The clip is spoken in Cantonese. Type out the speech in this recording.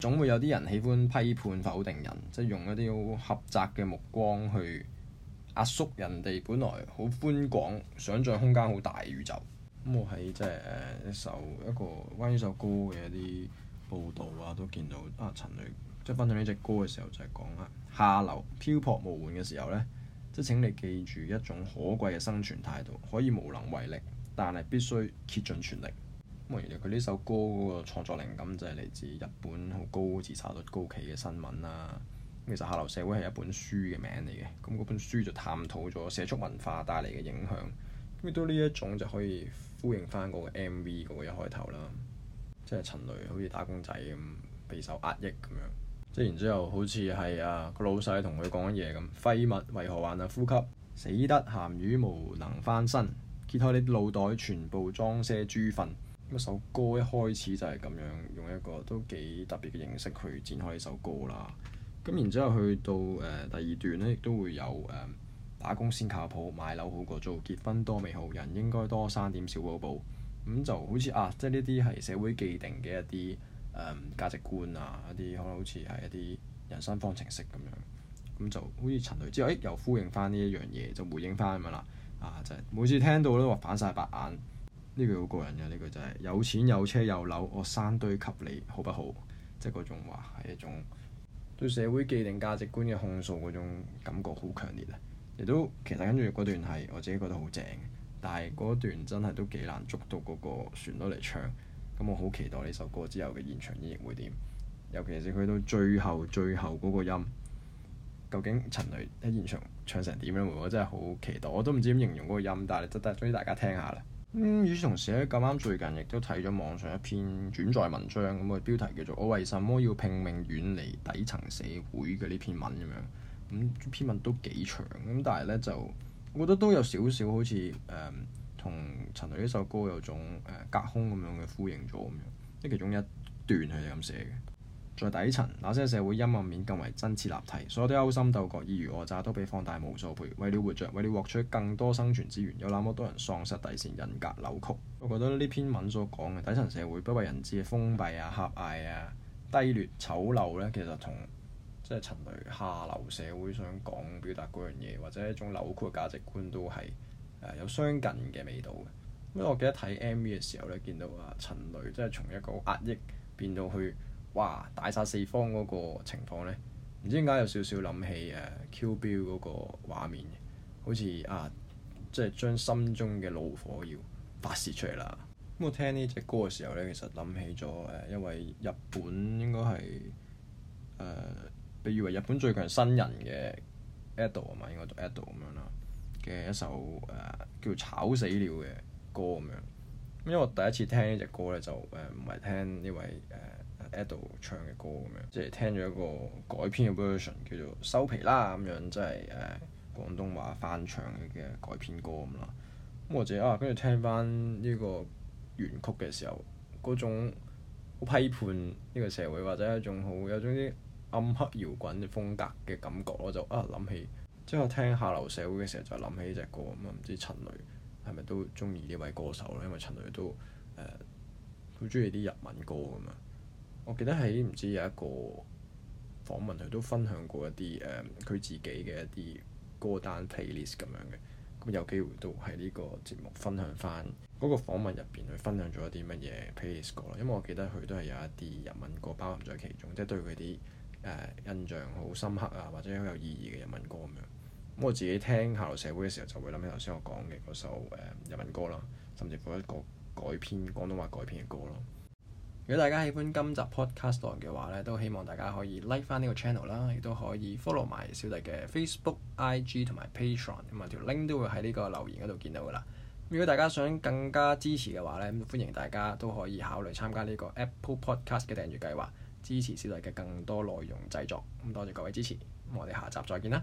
總會有啲人喜歡批判否定人，即係用一啲好狹窄嘅目光去壓縮人哋本來好寬廣、想象空間好大嘅宇宙。咁、嗯、我喺即係誒一首一個關於呢首歌嘅一啲報道啊，都見到啊陳蕾即係分享呢隻歌嘅時候就係講啊，下流漂泊無援嘅時候咧，即、就、係、是、請你記住一種可貴嘅生存態度，可以無能為力，但係必須竭盡全力。咁原來佢呢首歌嗰個創作靈感就係嚟自日本好高自殺率高企嘅新聞啦。咁其實下流社會係一本書嘅名嚟嘅，咁嗰本書就探討咗社畜文化帶嚟嘅影響。咁亦都呢一種就可以呼應翻嗰個 M V 嗰個一開頭啦，即係陳蕾好似打工仔咁備受壓抑咁樣。即係然之後好、啊，好似係啊個老細同佢講嘢咁，廢物為何玩啊呼吸，死得鹹魚無能翻身，揭開你腦袋全部裝些豬糞。一首歌一開始就係咁樣用一個都幾特別嘅形式去展開呢首歌啦。咁然之後去到誒、呃、第二段咧，亦都會有誒、呃、打工先靠譜，買樓好過租，結婚多美好，人應該多生點小寶寶。咁就好似啊，即係呢啲係社會既定嘅一啲誒、嗯、價值觀啊，一啲可能好似係一啲人生方程式咁樣。咁就好似陳蕾之後，誒、欸、又呼應翻呢一樣嘢，就回應翻咁樣啦。啊，就係、每次聽到都話反晒白眼。呢個好個人嘅呢個就係、是、有錢有車有樓，我山堆給你好不好？即係嗰種話係一種對社會既定價值觀嘅控訴嗰種感覺好強烈啊！亦都其實跟住嗰段係我自己覺得好正，但係嗰段真係都幾難捉到嗰個旋律嚟唱。咁我好期待呢首歌之後嘅現場演繹會點，尤其是去到最後最後嗰個音，究竟陳蕾喺現場唱成點樣？我真係好期待，我都唔知點形容嗰個音，但係得得俾大家聽下啦。咁、嗯、與此同時咧，咁啱最近亦都睇咗網上一篇轉載文章，咁個標題叫做《我為什麼要拼命遠離底層社會》嘅呢篇文咁樣。咁篇文都幾長，咁但係咧就我覺得都有少少好似誒同陳蕾呢首歌有種誒、嗯、隔空咁樣嘅呼應咗咁樣。即其中一段係咁寫嘅。在底層，那些社會陰暗面更為真切立體，所有的勾心鬥角、爾虞我詐都被放大無數倍。為了活着，為了獲取更多生存資源，有那麼多人喪失底線、人格扭曲。我覺得呢篇文所講嘅底層社會不為人知嘅封閉啊、狹隘啊、低劣、醜陋咧，其實同即係陳蕾下流社會想講表達嗰樣嘢，或者一種扭曲價值觀都，都係誒有相近嘅味道嘅。因為我記得睇 MV 嘅時候咧，見到啊陳蕾即係從一個好壓抑變到去。哇！大殺四方嗰個情況咧，唔知點解有少少諗起誒《Kill Bill》嗰個畫面好似啊，即係將心中嘅怒火要發泄出嚟啦。咁我聽呢隻歌嘅時候咧，其實諗起咗誒一位日本應該係誒被譽為日本最強新人嘅 Ado 啊嘛，應該讀 Ado 咁樣啦嘅一首誒叫「炒死了」嘅歌咁樣。因為我第一次聽呢隻歌咧，就誒唔係聽呢位誒 Ado 唱嘅歌咁樣，即係聽咗一個改編嘅 version 叫做收皮啦咁樣，就是，即係誒廣東話翻唱嘅改編歌咁咯。咁或者啊，跟住聽翻呢個原曲嘅時候，嗰種好批判呢個社會或者一種好有種啲暗黑搖滾嘅風格嘅感覺，我就啊諗起即係我聽下流社會嘅時候就諗起呢隻歌咁啊，唔知陳蕾。係咪都中意呢位歌手咧？因為陳蕾都誒好中意啲日文歌㗎嘛。我記得喺唔知有一個訪問，佢都分享過一啲誒佢自己嘅一啲歌單 playlist 咁樣嘅。咁有機會都喺呢個節目分享翻嗰個訪問入邊，佢分享咗一啲乜嘢 playlist 歌咯。因為我記得佢都係有一啲日文歌包含在其中，即係對佢啲誒印象好深刻啊，或者好有意義嘅日文歌咁樣。咁我自己聽下流社會嘅時候，就會諗起頭先我講嘅嗰首誒日文歌啦，甚至乎一個改編廣東話改編嘅歌咯。如果大家喜歡今集 podcast 嘅話咧，都希望大家可以 like 翻呢個 channel 啦，亦都可以 follow 埋小弟嘅 Facebook、IG 同埋 Patreon，咁啊條 link 都會喺呢個留言嗰度見到噶啦。如果大家想更加支持嘅話咧，歡迎大家都可以考慮參加呢個 Apple Podcast 嘅訂閱計劃，支持小弟嘅更多內容製作。咁多謝各位支持，咁我哋下集再見啦！